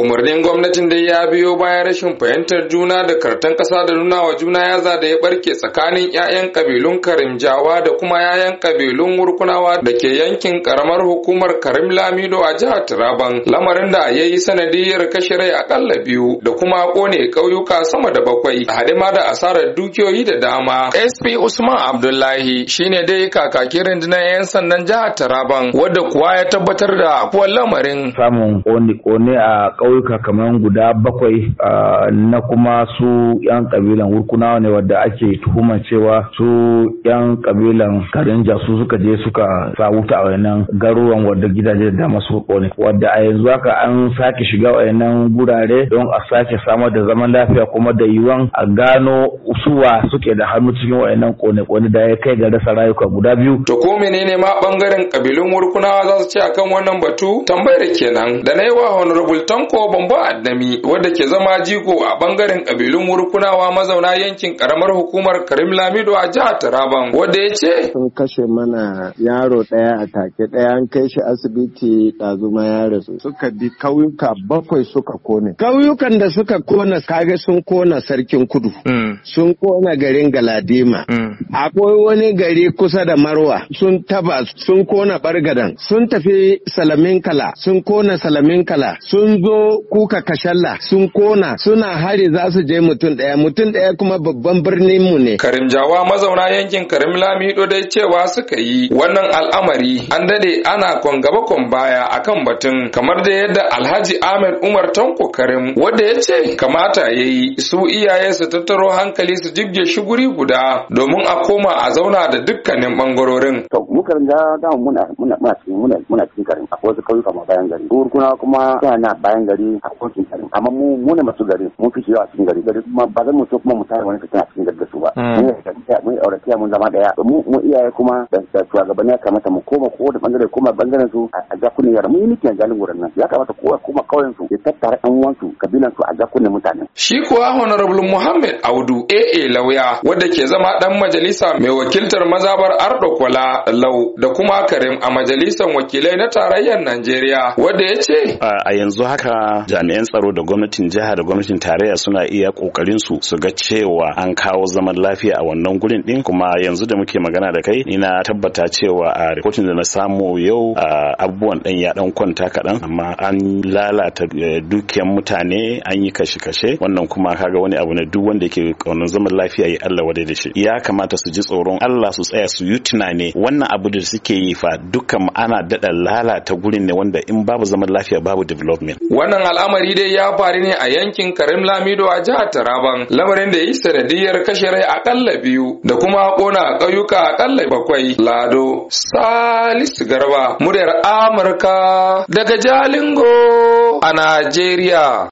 umarnin gwamnatin da ya biyo bayan rashin fahimtar juna da kartan kasa da nuna wa juna yaza da ya barke tsakanin 'ya'yan kabilun karimjawa da kuma 'ya'yan kabilun wurkunawa da ke yankin karamar hukumar karim lamido a jihar Taraban. lamarin da ya yi sanadiyar kashe rai akalla biyu da kuma kone ƙauyuka sama da bakwai haɗe ma da asarar dukiyoyi da dama sp usman abdullahi shine dai kakakin rundunar 'yan sandan jihar Taraban, wadda kuwa ya tabbatar da kuwan lamarin samun kone a ƙauyuka kamar guda bakwai na kuma su 'yan ƙabilan Wurkunawa ne wadda ake tuhuman cewa su 'yan ƙabilan Karinja su suka je suka sa wuta a wayannan garuruwan wadda gidaje da masu ƙone wadda a yanzu haka an sake shiga wayannan gurare don a sake samar da zaman lafiya kuma da yiwuwan a gano usuwa suke da hannu cikin wayannan ƙone-ƙone da ya kai ga rasa rayuka guda biyu. To ko menene ma bangaren ƙabilun Wurkunawa za su ce akan wannan batu tambayar kenan da na yi wa Honorable Tanko Tanko Bambo Addami wadda ke zama jigo a bangaren kabilun wurkunawa mazauna yankin karamar hukumar Karim Lamido a jihar Taraban wadda ya ce sun kashe mana yaro daya a take daya an kai shi asibiti dazuma ya rasu suka bi kauyuka bakwai suka kone kauyukan da suka kona kage sun kona sarkin kudu hmm. sun kona garin Galadima hmm. akwai wani gari kusa da Marwa sun taba sun kona Bargadan sun tafi Salamin Kala sun kona Salamin Kala sun zo ko kuka kashalla sun kona suna hari za su je mutum ɗaya mutum ɗaya kuma babban birnin mu ne. jawa mazauna yankin Karim Lamido dai cewa suka yi wannan al'amari an dade ana kon gaba kon baya akan batun kamar da yadda Alhaji Ahmed Umar Tanko Karim wanda ya ce kamata ya yi su iyaye su tattaro hankali su jibge shuguri guda domin a koma a zauna da dukkanin bangarorin. To mu dama muna muna muna muna cikin Karim akwai wasu kauyuka ma bayan gari. Gurguna kuma na bayan gari. gari a kotun gari amma mu mu ne masu gari mun fi shiga a cikin gari gari kuma ba zan mu so kuma mu tare wani fitina a cikin gari da su ba hmm. mun auratiya mun zama daya mu mu iyaye kuma da shugabanni ya kamata mu koma ko da bangare koma bangaren su a jakuni yara mun yi miki a jalin gurin nan ya kamata kowa kuma kauyen su ya tattara ɗan uwansu kabilan su a jakunan mutane shi kuwa honorable muhammad audu aa lauya wadda ke zama dan majalisa mai wakiltar mazabar ardo kwala lau da kuma karim a majalisar wakilai na tarayyar najeriya wadda ya ce a yanzu haka jami'an tsaro da gwamnatin jiha da gwamnatin tarayya suna iya kokarin su su ga cewa an kawo zaman lafiya a wannan gurin din kuma yanzu da muke magana da kai ina tabbata cewa a rikotin da na samu yau abubuwan dan ya dan kwanta kaɗan amma an lalata e, dukiyan mutane an yi kashe-kashe wannan kuma kaga wani abu ne duk wanda yake kaunar zaman lafiya ya Allah wadai da shi ya kamata su ji tsoron Allah su tsaya su yi tunani wannan abu da suke yi fa dukkan ana daɗa lalata gurin ne wanda in babu zaman lafiya babu development wannan al'amari dai ya faru ne a yankin karim lamido a jihar taraban lamarin da ya yi sanadiyar kashe rai a akalla biyu da kuma kona ƙauyuka akalla bakwai lado salisu garba muryar amurka daga jalingo a najeriya